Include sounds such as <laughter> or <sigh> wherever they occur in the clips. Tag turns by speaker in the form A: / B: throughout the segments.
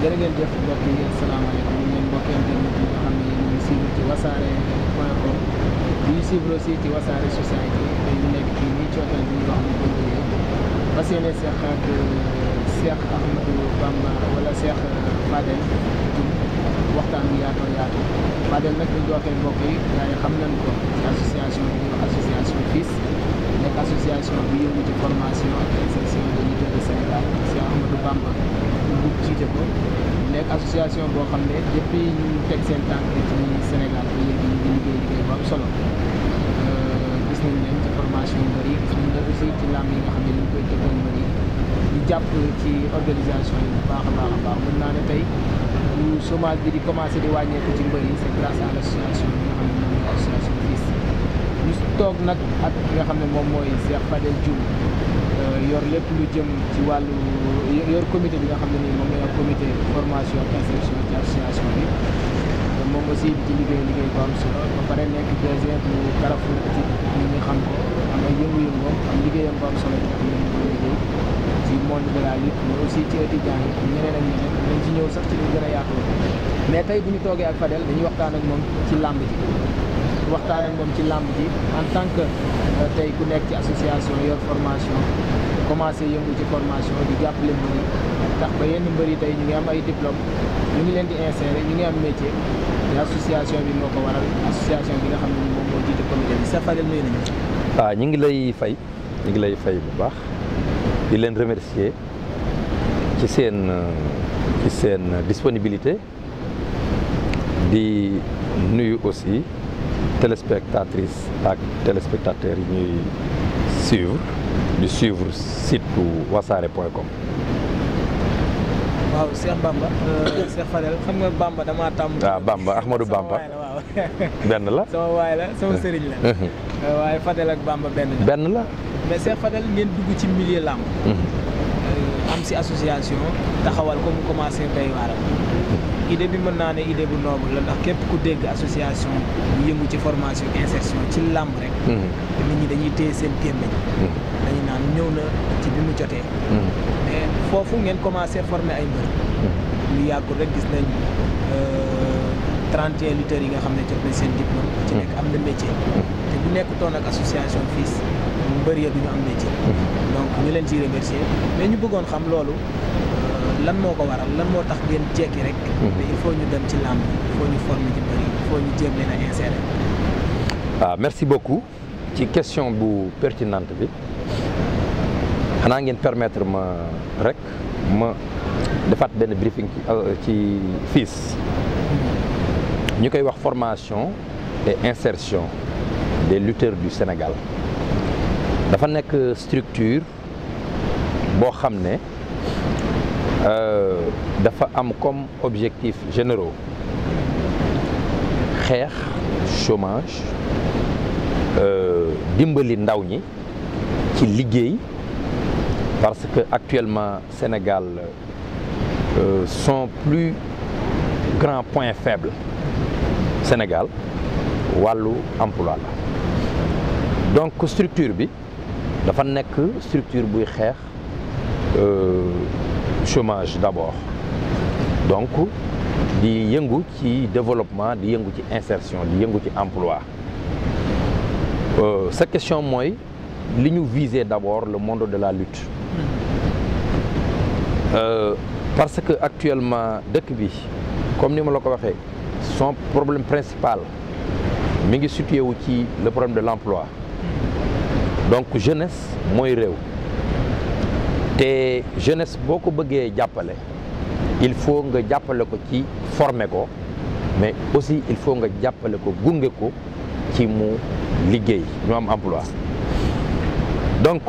A: jërë ngeen jëf mbokk yi asalaamaaleykum ñu ngeen mbokk internet yi nga xam ne yéen ngi ci wasaare point com ñuy suivre aussi ci wasaare société tey ñu nekk ci muy cootal bi ñu wax ni bëgg fas yéene Cheikh ak euh, Cheikh Ahmadou Bamba wala Cheikh euh, Fadel waxtaan bi yaatoo yaatu Fadel nag ñu joxee mbokk yi xam nañ ko ci association bi ñuy association FILS nekk association bi yëngu ci ak insertion des lutteurs du Sénégal Cheikh Ahmadou Bamba Mboup jiite ko nekk association boo xam ne depuis ñu teg seen tànk ci Sénégal ba léegi ñu di euh, nga xam ne ñu ngi koy tëggal bëri ñu jàpp ci organisation yi bu baax a baax naa ne tey lu bi di commencé di wàññeeku ci mbëri c'est grâce à l'association bi nga xam ne moom mooy association FILS ñu toog nag ak ki nga xam ne moom mooy Cheikh Fadel Diouf Euh, yor lépp lu jëm ci wàll yor comité bi nga xam ne nii moom la comité formation insertion ci association bi euh, aussi di ci liggéey liggéey bu am pare nekk DG bu Carrefour ñu xam ko am liggéeyam bu am solo bi nga xam ne nii moom ak dañ ci ñëw sax a mais tey bu ñu toogee ak Fadel dañuy waxtaan ak moom ci làmb ji waxtaan moom ci làmb ji en tant que euh, tey ku nekk ci association yor formation commencé yëngu ci formation di jàppale mbir yi tax ba yenn mbër yi tey ñu ngi am ay diplôme ñu ngi leen di insérer ñu ngi am métier te association bi moo ko waral association bi nga xam ne moom moo jiite comité bi Safarel nuyu nañu.
B: waaw ah, ñu ngi lay fay ñu ngi lay fay bu baax di leen remercier ci seen ci seen disponibilité di nuyu aussi téléspectatrices ak téléspectateurs yi ñuy suivre. di suivre site wasaare point
A: waaw Cheikh Bamba euh, Cheikh Fadel xam nga Bamba damaa tàmm. waaw
B: ah, Bamba Ahmadou Bamba <laughs> benn
A: la sama waay la sama sëriñ la. <laughs> Euh, waaye Fadel ak Bamba benn la benn la. mais Cheikh Fadel ngeen dugg ci milieu làmb. Mhm. Euh, am si association taxawal ko mu commencé béy waaram. idée bi mën naa ne idée bu noble la ndax képp ku dégg association yëngu ci formation insertion ci làmb rek mhm. nit ñi dañuy téye seen gémmiñ mhm. dañu naan ñëw na ci bi mu jotee mhm. mais foofu ngeen commencé former ay mbër lu yàggul rek gis nañ 31 euh, lutteurs yi nga xam ne jot nañ seen diplôme ci nekk am na métier te bu nekkutoon ak association mu mbër ya duñu am métier donc ñu leen ci remercier mais ñu bëggoon xam loolu lan moo moo tax ngeen jekki rek. Mhm. mais il faut ñu dem ci làmb il faut ñu former ci bëri il ñu jéem leen a insérer.
B: waaw ah, merci beaucoup ci question bu pertinente bi xanaa ngeen permettre ma rek ma defaat benn briefing ci euh, FILS. Mhm. ñu koy wax formation et insertion des lutteurs du Sénégal dafa nekk structure boo xam ne. Euh, dafa am comme objectif généraux xeex chômage euh, dimbali ndaw ñi ci liggéey parce que actuellement Sénégal euh, son plus grand point faible Sénégal wàllu emploi la donc structure bi dafa nekk structure buy xeex. Euh, chômage d'abord donc di yëngu ci développement di yëngu ci insertion di yëngu ci emploi euh, sa question mooy li ñu viser d'abord le monde de la lutte mm-hmm. euh, parce que actuellement dëkk bi comme ni ma la ko waxee son problème principal mi ngi situé wu ci le problème de l'emploi mm-hmm. donc jeunesse mooy réew te jeunesse boo ko bëggee jàppale il faut nga jàppale ko ci former ko mais aussi il faut nga jàppale ko gunge ko ci mu liggéey ñu am emploi donc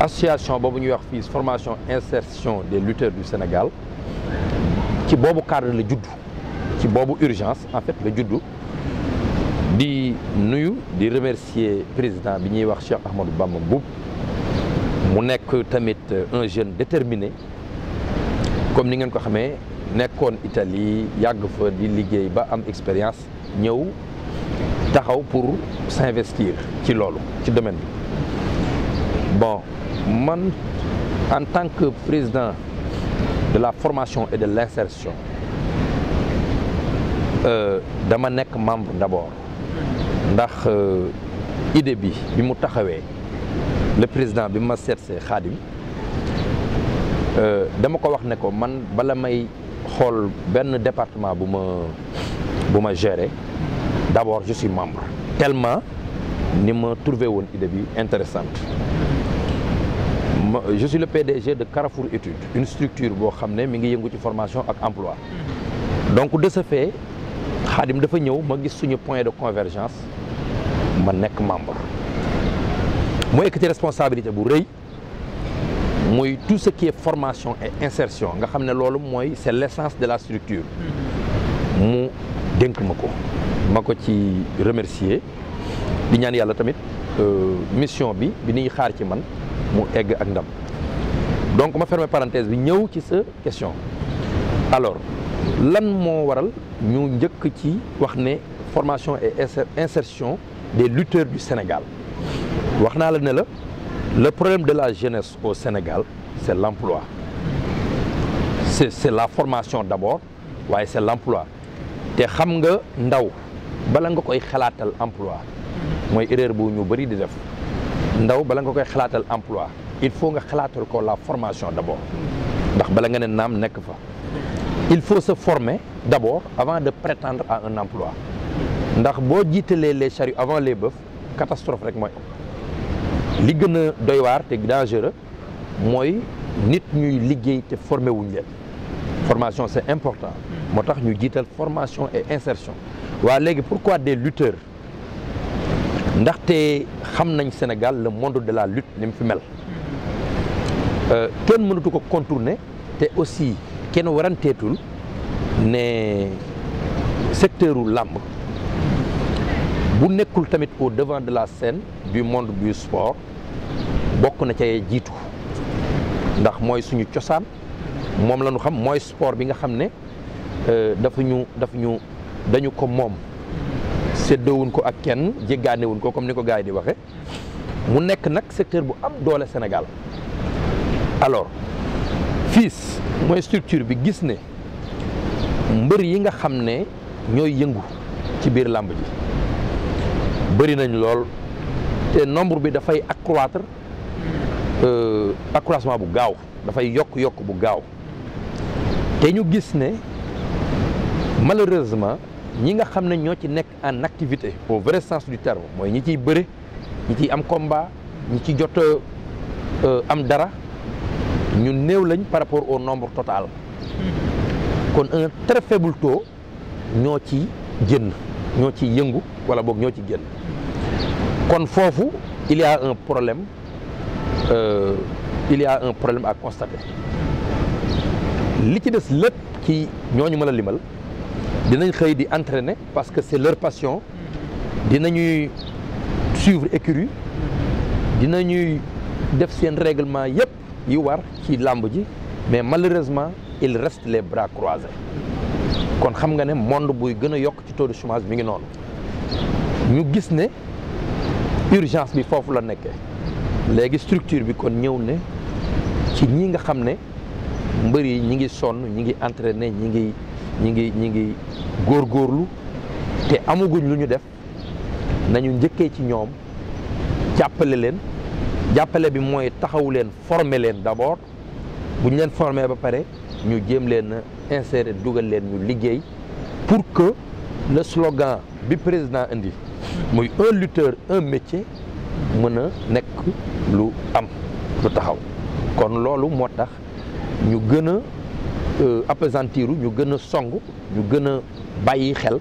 B: association boobu ñuy wax fii formation insertion de lutteurs du Sénégal ci boobu cadre la judd ci boobu urgence en fait la juddu di nuyu di remercier président bi ñuy wax Cheikh Ahmadou Bamba Mboup mu nekk tamit euh, un jeune déterminé comme ni ngeen ko xamee nekkoon Italie yàgg fa di liggéey ba am expérience ñëw taxaw pour s'investir ci loolu ci domaine bi bon man en tant que président de la formation et de l'insertion euh, dama nekk membre d'abord ndax euh, idée bi bi mu taxawee le président bi ma seetsee Khadim euh, dama ko wax ne ko man bala may xool benn département bu ma bu ma gérer d'abord je suis membre tellement ni ma trouvé woon idée bi intéressante je suis le PDG de Carrefour Études une structure boo xam ne mi ngi yëngu ci formation ak emploi donc de ce fait Khadim dafa ñëw ma gis suñu point de convergence ma nekk membre mu ekkati responsabilité bu rëy mooy tout ce qui formation et insertion nga xam ne loolu mooy c'est l'essence de la structure mu dénk ma ko ma ko ci remercier di ñaan yàlla tamit euh, mission bi bi ñuy xaar ci man mu egg ak ndam donc ma fermer parenthèse bi ñëw ci sa question alors lan moo waral ñu njëkk ci wax ne formation et insertion des lutteur du Sénégal wax naa la ne la le problème de la jeunesse au Sénégal c'est l'emploi c'est c'est la formation d'abord waaye c'est l'emploi te xam nga ndaw bala nga koy xalaatal emploi mooy erreur bu ñu bëri di def ndaw bala nga koy xalaatal emploi il faut nga xalaatal ko la formation d'abord ndax bala nga ne naam nekk fa il faut se former d'abord avant de prétendre à un emploi ndax boo jiitalee les charrues avant les bœufs catastrophe rek mooy li gën a doy waar te dangereux mooy nit ñuy liggéey te formé wuñ leen formation c'est important moo tax ñu jiital formation et insertion waa léegi pourquoi des lutteurs ndaxte xam nañ Sénégal le monde de la lutte ni mu fi mel euh, kenn mënatu ko contourner te aussi kenn waranteetul ne secteuru làmb bu nekkul tamit au devant de la scène du monde du sport bokk na cay jiitu ndax mooy suñu cosaan moom la ñu xam mooy sport bi nga xam ne euh, dafa ñu dafa ñu dañu ko moom séddoowuñ ko ak kenn jéggaanewuñ ko comme ni ko gars yi di waxe mu nekk nag secteur bu am doole Sénégal alors FILS mooy structure bi gis ne mbër yi nga xam ne ñooy yëngu ci biir làmb ji bëri nañ lool te nombre bi dafay accroître euh, accroissement bu gaaw dafay yokk yokk bu gaaw te ñu gis ne malheureusement ñi nga xam ne ñoo ci nekk en activité au vrai sens du terme mooy ñi ciy bëre ñi ciy am combat ñi ci jot euh, am dara ñu néew lañ par rapport au nombre total mm-hmm. kon un très faible ñoo ci génn ñoo ci yëngu wala boog ñoo ci génn kon foofu il y un problème euh, il y un problème à constater li ci des lépp ci ñooñu mën a limal dinañ xëy di entraîner parce que c'est leur passion dinañuy suivre dina ñuy def seen réglement yëpp yi war ci làmb ji mais malheureusement ils restent les bras croisés kon xam nga ne monde buy gën a yokk ci taux de mu ngi noonu ñu gis ne urgence bi foofu la nekkee léegi structure bi kon ñëw ne ci ñi nga xam ne mbër yi ñi ngi sonn ñi ngi entraîné ñi ngi ñi ngi ñi ngi góorgóorlu te amaguñ lu ñu def nañu njëkkee ci ñoom jàppale leen jàppale bi mooy taxawu leen former leen d'abord bu ñu leen former ba pare ñu jéem leen a insérer dugal leen ñu liggéey pour que le slogan bi président indi muy un lutteur un métier mën a nekk lu am lu taxaw kon loolu moo tax ñu gën a euh, appesantiru ñu gën a song ñu gën a bàyyi xel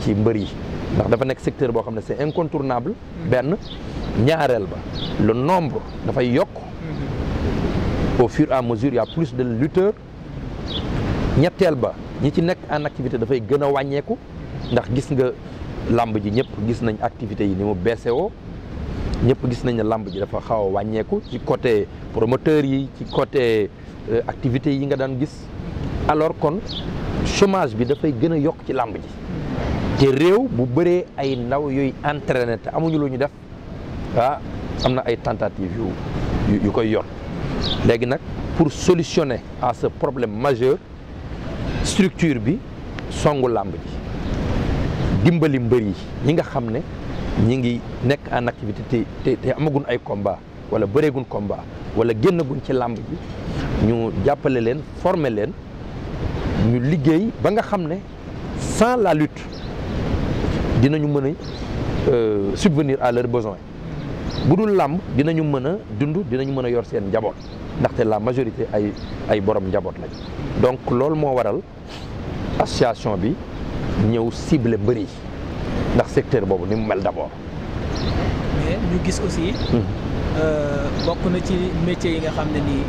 B: ci mbër yi ndax dafa nekk secteur boo xam ne c'est incontournable benn ñaareel ba le nombre dafay yokk mm-hmm. au fur et à mesure il plus de lutteurs ñetteel ba ñi ci nekk en activité dafay gën a wàññeeku ndax gis nga làmb ji ñëpp gis nañ activité yi ni mu baissé woo ñëpp gis nañ ne làmb ji dafa xaw a wàññeeku ci côté promoteur yi ci côté euh, activité yi nga daan gis alors kon chômage bi dafay gën a yokk ci làmb ji te réew bu bëree ay ndaw yooyu entraîné amuñu lu ñu def ah am na ay tentatives yu yu koy yor léegi nag pour solutionner à ce problème majeur structure bi songu làmb ji dimbali mbër yi ñi nga xam ne ñi ngi nekk en activité te te te ay combat wala bëreegun combat wala génnagun ci làmb ji ñu jàppale leen former leen ñu liggéey ba nga xam ne sans la lutte dinañu mën a euh, subvenir à leurs besoins bu dul làmb dinañu mën a dund dinañu mën a yor seen njaboot ndaxte la majorité ay ay borom njaboot lañ donc loolu moo waral association bi ñëw cible mbër yi ndax secteur boobu ni mu mel d'abord.
A: mais ñu gis aussi. Hmm. Euh, bokk na ci métier yi nga xam ne nii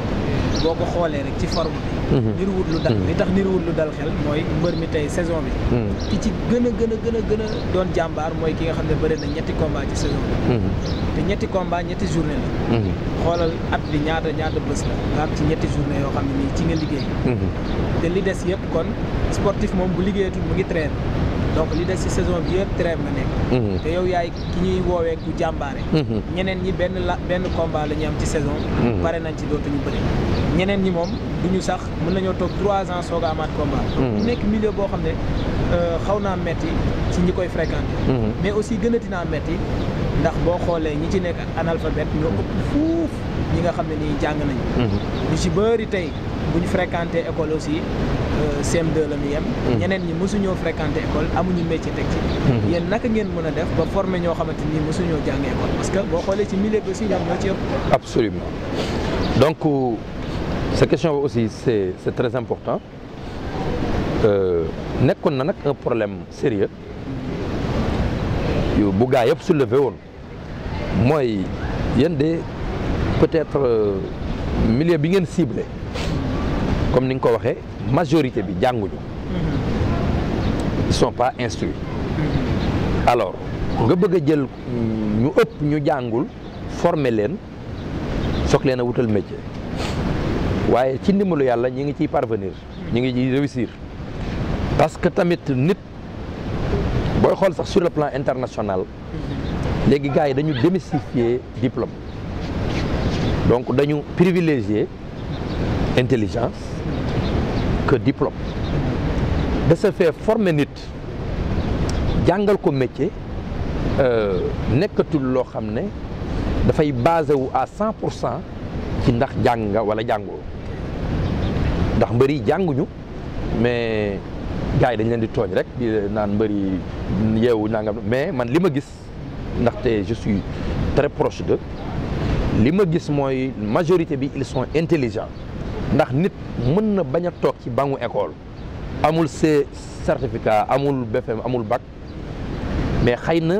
A: boo ko xoolee rek ci forme
B: bi mhm. niru wut lu dal mhm. li
A: tax niru wut lu dal xel mooy mbër mi tey saison bi mhm. ki ci gën a gën a gën a gën a doon jàmbaar mooy ki nga xam ne bëri na ñetti combat ci saison bi te ñetti combat ñetti journée la xoolal at bi ñaata ñaata bés la nga am ci ñetti journée yoo xam ne nii ci nga liggéey te li des yëpp kon sportif moom bu liggéeyatul mu ngi train donc li des ci saison bi yëpp trêve nga nekk. Mhm. te yow yaay ki ñuy woowee ku jàmbaare. Mhm. ñeneen ñi benn la benn combat la ñu am ci saison. Mhm. pare nañ ci dootuñu bëri. ñeneen ñi moom du sax mën nañoo toog trois ans soog a amaat combat. donc nekk milieu boo xam ne euh, xaw naa metti ci ñi koy fréquenté. mais aussi gën a dinaa metti ndax boo xoolee ñi ci nekk analphabète ñoo ëpp fuuf ñi nga xam ne nii jàng nañu. ñu ci bëri tey bu ñu fréquenté école aussi euh, CM2 la ñu yem. Hmm. ñeneen ñi mosuñoo fréquenté école amuñu métier teg ci. Hmm. yéen naka ngeen mën a def ba former ñoo xamante ni mosuñoo jàng école parce que boo xoolee ci milieu bi aussi ñoom ñoo ci
B: ëpp. donc sa euh, question bi aussi c'est c'est très important euh, nekkoon na nag un problème sérieux yu bu gaa yëpp soulevé woon mooy yéen de peut-être. milieu bi ngeen ciblé comme ni nga ko waxee majorité bi jànguñu ils sont pas instruits alors nga bëgg a jël ñu ëpp ñu jàngul former leen soog leen a wutal métier waaye ci ndimbalu yàlla ñu ngi ciy parvenir ñu ngi ciy réussir parce que tamit nit booy xool sax sur le plan international léegi gars yi dañu démystifier diplôme donc dañu privilégier intelligence que diplôme de ce fait former nit jàngal ko métier euh, nekkatul loo xam ne dafay basé wu à cent pour cent ci ndax jàng nga wala jàngoo ndax mbër yi jànguñu mais gars yi dañ leen di tooñ rek naan mbër yi yeewu nangam mais man li ma gis ndaxte je suis très proche de li ma gis mooy majorité bi ils sont intelligents ndax nit mën na bañ a toog ci bangu école amul ses certificat amul BFM amul bac mais xëy na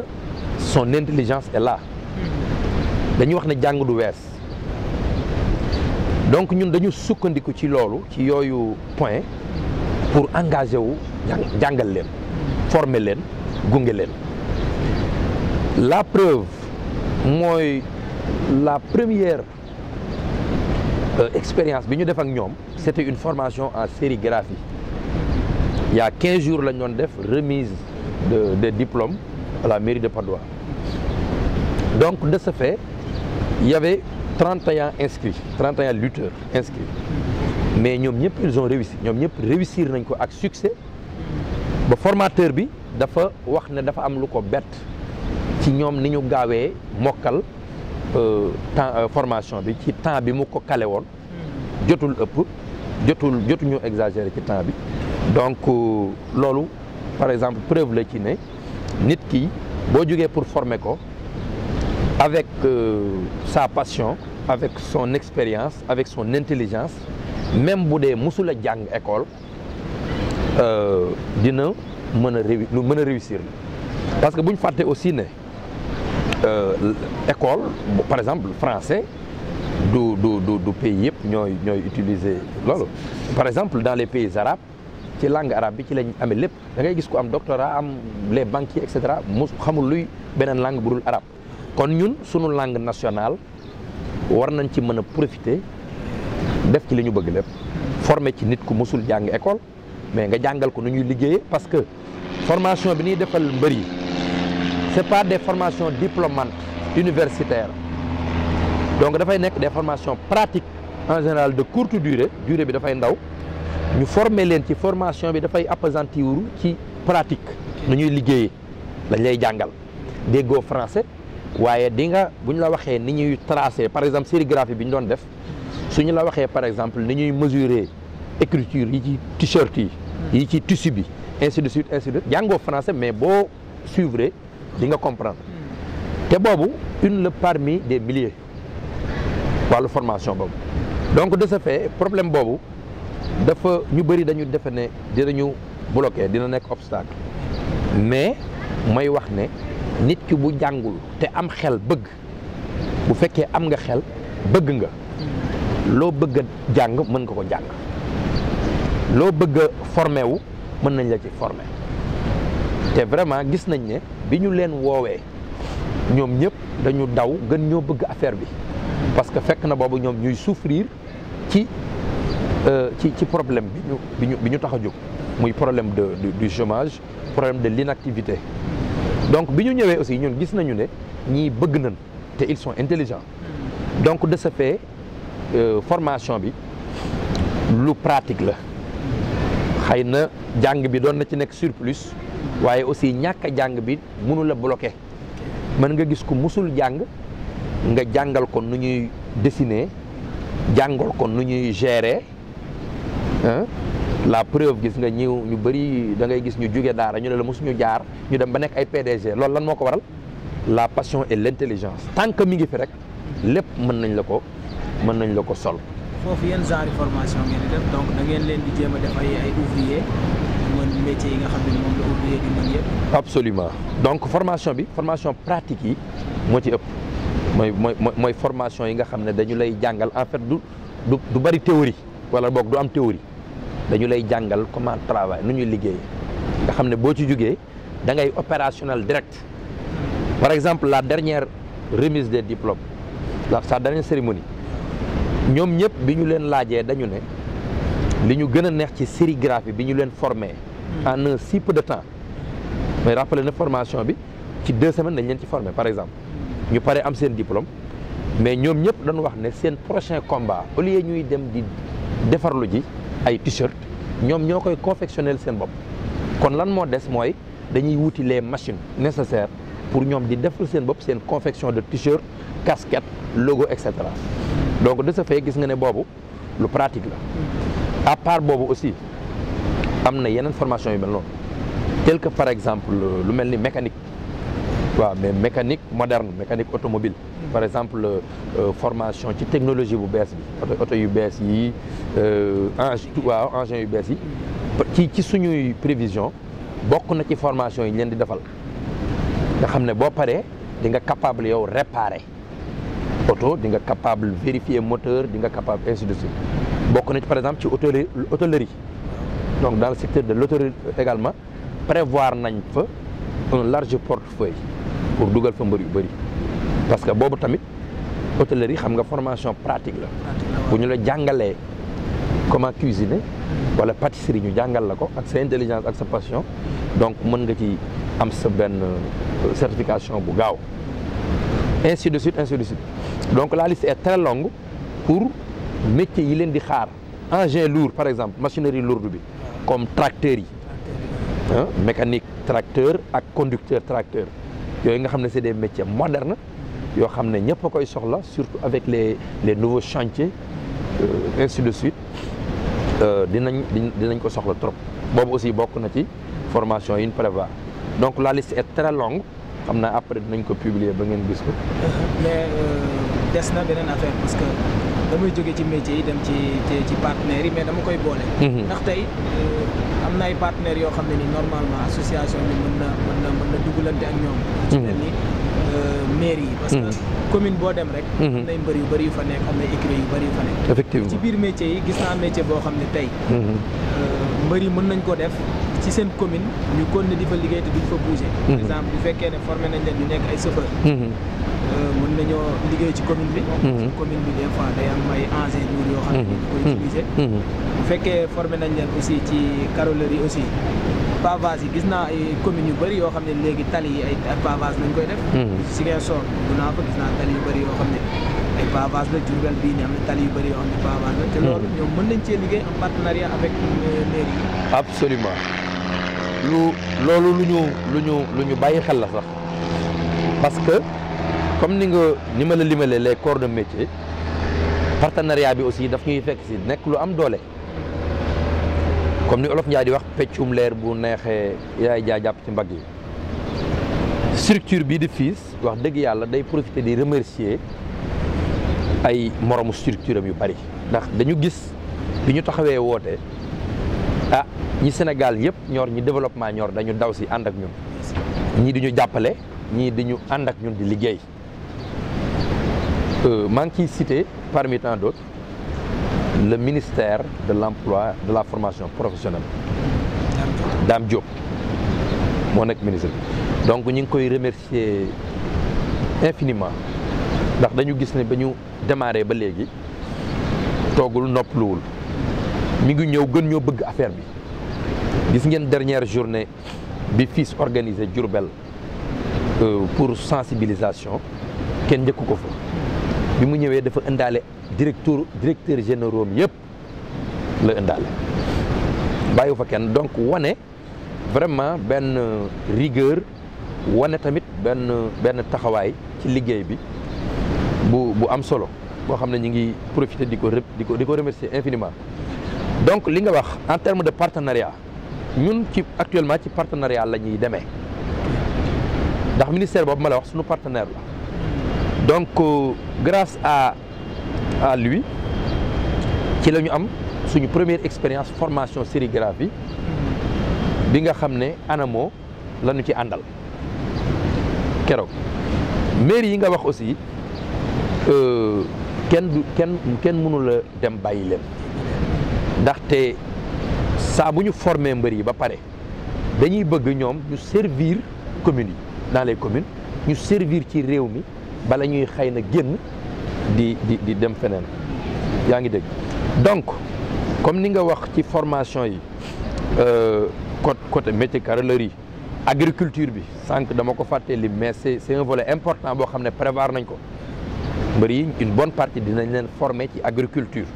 B: son intelligence est la dañuy wax ne jàng du wees donc ñun dañu sukkandiku ci loolu ci yooyu point pour engager wu jàngal leen former leen gunge leen la preuve mooy la première euh, expérience bi ñu def ak ñoom c'était une formation en sérigraphie il y a 15 jours lañ doon def remise de des diplômes à la mairie de Padoue donc de ce fait il y avait 31 inscrits 31 lutteurs inscrits mais ñoom ñëpp ils ont réussi ñoom ñëpp réussir nañ ko ak succès ba formateur bi dafa wax ne dafa am lu ko bett ci ñoom ni ñu gaawee mokkal Euh, temps euh, formation bi ci temps bi mu ko kale woon jotul ëpp jotul jotuñu exagéré ci temps bi donc euh, loolu par exemple preuve la ci ne nit ki boo jógee pour former ko avec sa passion avec son expérience avec son intelligence même bu dee musul a jàng école dina mën a réu mën a réussir parce que bu ñu fàtte aussi ne Euh, école par exemple français du du du du pays yëpp ñooy ñooy utiliser loolu par exemple dans les pays arabes ci langue arabe bi ci lañ amee lépp da ngay gis ko am doctorat am les banquiers et cetera mu xamul luy beneen langue bu dul arabe kon ñun sunu langue nationale war nañ ci mën a profiter def ci li ñu bëgg lépp forme ci nit ku mësul jàng école mais nga jàngal ko nu ñuy liggéeyee parce que formation bi ñuy defal mbër yi c'est pas des formations diplômantes universitaires donc dafay nekk des formations pratiques en général de courte durée durée bi dafay ndaw ñu former leen ci formation bi dafay appesantir ci pratique nu ñuy liggéeyee dañ lay jàngal déggoo français waaye di nga bu ñu la waxee ni ñuy tracer par exemple sérigraphie bi ñu doon def su ñu la waxee par exemple ni ñuy mesurer écriture yi ci t-shirt yi yi ci tissu bi ainsi de jàngoo français mais boo suivre di nga comprendre te boobu une la parmi des milliers wàllu formation boobu donc de ce fait problème boobu dafa ñu bëri dañu defe ne dinañu bloqué dina nekk obstacle mais may wax ne nit ki bu jàngul te am xel bëgg bu fekkee am nga xel bëgg nga loo bëgg jàng mën nga ko jàng loo bëgg a wu mën nañ la ci formé te vraiment gis nañ ne bi ñu leen woowee ñoom ñëpp dañu daw gën ñoo bëgg affaire bi parce que fekk na boobu ñoom ñuy souffrir ci euh, ci ci problème bi ñu bi tax a jóg muy problème de du chômage problème de l'inactivité donc bi ñu ñëwee aussi ñun gis nañu ne ñii bëgg nañ te ils sont intelligents donc de ce fait euh, formation bi lu pratique la xëy na jàng bi doon na ci nekk surplus waaye aussi ñàkk jàng bi mënu la bloqué mën nga gis ku mosul jàng nga jàngal ko nu ñuy desine jàngal ko nu ñuy gérer la preuve gis nga ñëw ñu bëri dangay gis ñu jóge daara ñu ne la mosuñu jaar ñu dem ba nekk ay PDG lool lan moo ko waral la passion et l'intelligence tant que mi ngi fi rek lépp mën nañ la ko mën nañ la ko sol.
A: foofu yenn genre formation donc da leen di jéem a ay ay mën métier yi nga xam ne moom la ouvrier
B: donc formation bi formation pratique yi moo ci ëpp mooy mooy mooy formation yi nga xam ne dañu lay jàngal en fait du du du bëri théorie wala boog du am théorie dañu lay jàngal comment travail nu ñuy liggéey nga xam ne boo ci jógee da ngay opérationnel direct par exemple la dernière remise des diplômes la sa dernière cérémonie ñoom ñëpp bi ñu leen laajee dañu ne li ñu gën a neex ci sérigraphie bi ñu leen formé Mm. en un si de temps mais rappelé na formation bi ci deux semaines dañ leen ci formé par exemple ñu pare am seen diplôme mais ñoom ñëpp dañu wax ne seen prochain combat au lieu ñuy dem di defarlu ji ay t-shirt ñoom ñoo koy confectionner seen bopp kon lan moo des mooy dañuy wuti les machines nécessaires pour ñoom di defal seen bopp seen confection de t-shirt casquette logo et cetera donc de ce fait gis nga ne boobu lu pratique la mm. à boobu aussi am na yeneen formation yu mel noonu tel que par exemple lu mel ni mécanique waaw mais mécanique moderne mécanique automobile par exemple euh, formation ci technologie bu bees bi oto oto yu bees yi euh, engin waaw engin yu bees yi ci ci suñuy prévision bokk na ci formation yi leen di defal nga xam ne boo paree di nga capable yow réparer oto di nga capable vérifier moteur di nga capable ainsi de bokk na par exemple ci hôtellerie hôtellerie donc dans le secteur de l'autoroute également prévoir nañ fa un large portefeuille pour dugal fa mbër yu bëri parce que boobu tamit hôtellerie xam nga formation pratique la bu ñu la jàngalee comment cuisiner wala pâtisserie ñu jàngal la ko ak sa intelligence ak sa passion donc mën nga ci am sa benn euh, certification bu gaaw ainsi de suite ainsi de suite donc la liste est très longue pour métiers yi leen di xaar engin lourd par exemple machinerie lourde bi comme tracteurs yi mécanique tracteur ak conducteur tracteur yooyu nga xam ne c'est des métiers modernes yoo xam ne ñëpp a koy soxla surtout avec les les nouveaux chantiers euh, ainsi de suite euh, dinañ dinañ ko soxla trop boobu aussi bokk na ci formation yi ñu prévoir donc la liste est très longue xam naa après dinañ ko publier ba ngeen gis ko. Euh,
A: mais euh, des na beneen affaire parce que. damay jóge ci métier yi dem ci ci partenaires yi mais dama koy boole. Mhm. ndax tey euh, am na ay partenaires yoo xam ne ni normalement association bi mën na mën na mën na dugalante ak ñoom. ci mhm. mel ni euh, mairie yi. parce que mhm. commune boo dem rek. am nay mbër yu bëri yu fa nekk am nay écurie yu bëri yu fa nekk. effectivement ci biir métier yi gis naa métier boo xam ne tey. Euh, mbër yi mën nañ koo def. ci seen commune ñu kon ne di fa liggéey te duñ fa bouger. par exemple bu fekkee ne formé nañ leen ñu nekk ay chauffeur. mën nañoo liggéey ci commune bi. Mhm. commune bi des fois day am ay engins lourds yoo xam ne mhm. dañ koy mhm. utiliser. bu fekkee formé nañ leen aussi ci carreleurs yi aussi. pavage yi gis naa ay communes yu bëri yoo xam ne léegi tali yi ay pavage lañ koy def si ngeen soor du naa tali yu bëri yoo xam ne ay pavage la Diourbel bii ni am na tali yu bëri yoo xam ne pavage la te loolu ñoom mën nañ cee liggéey en partenariat avec mairie
B: absolument lu loolu lu ñu lu ñu lu ñu bàyyi xel la sax comme ni nga ni ma la limalee les corps métier partenariat bi aussi daf ñuy fekk si nekk lu am doole comme ni olof Njaay di wax peccum leer bu neexee yaay jaa jàpp ci mbag yi structure bii di FIS wax dëgg yàlla day profiter di remercier ay moroomu structure am yu bari ndax dañu gis bi ñu taxawee woote ah ñi Sénégal yëpp ñor ñi développement ñor dañu daw si ànd ak ñun ñii di ñu jàppale ñii di ñu ànd ak ñun di liggéey Euh, maa ngi ciy cité parmi tant le ministère de l'emploi de la formation professionnelle Dame Diop moo nekk ministre donc ñu ngi koy remercier infiniment ndax dañu gis ne ba ñu démarré ba léegi toogul noppaluwul mi ngi ñëw gën ñoo bëgg affaire bi gis ngeen dernière journée bi FIS organisé Diourbel euh, pour sensibilisation kenn njëkku ko fa bi mu ñëwee dafa indaale directeur directeur généraux yëpp la indaale bàyyiwu fa kenn donc wane vraiment benn rigueur wane tamit benn benn taxawaay ci liggéey bi bu bu am solo boo xam ne ñu ngi profité di ko di di ko remercier infiniment donc li nga wax en terme de partenariat ñun ci actuellement ci partenariat la ñuy demee ndax ministère boobu ma la wax suñu partenaire la donc euh, grace à à lui ci la ñu am suñu première expérience formation sérigraphie bi nga xam ne ANAMO la ñu ci àndal keroog mairie yi nga wax aussi euh, kenn kenn kenn mënu la dem bàyyi leen ndaxte saa bu ñu former mbër yi ba pare dañuy bëgg ñoom ñu servir communes yi dans les communes ñu servir ci réew mi. bala ñuy xëy na génn di di di dem feneen yaa ngi dégg donc comme ni nga wax ci formation yi euh, côté côté métier carrelerie agriculture bi sànq dama ko fàttee li mais c'est c'est un volet important boo xam ne prévoir nañ ko mbër yi une bonne partie dinañ leen former ci agriculture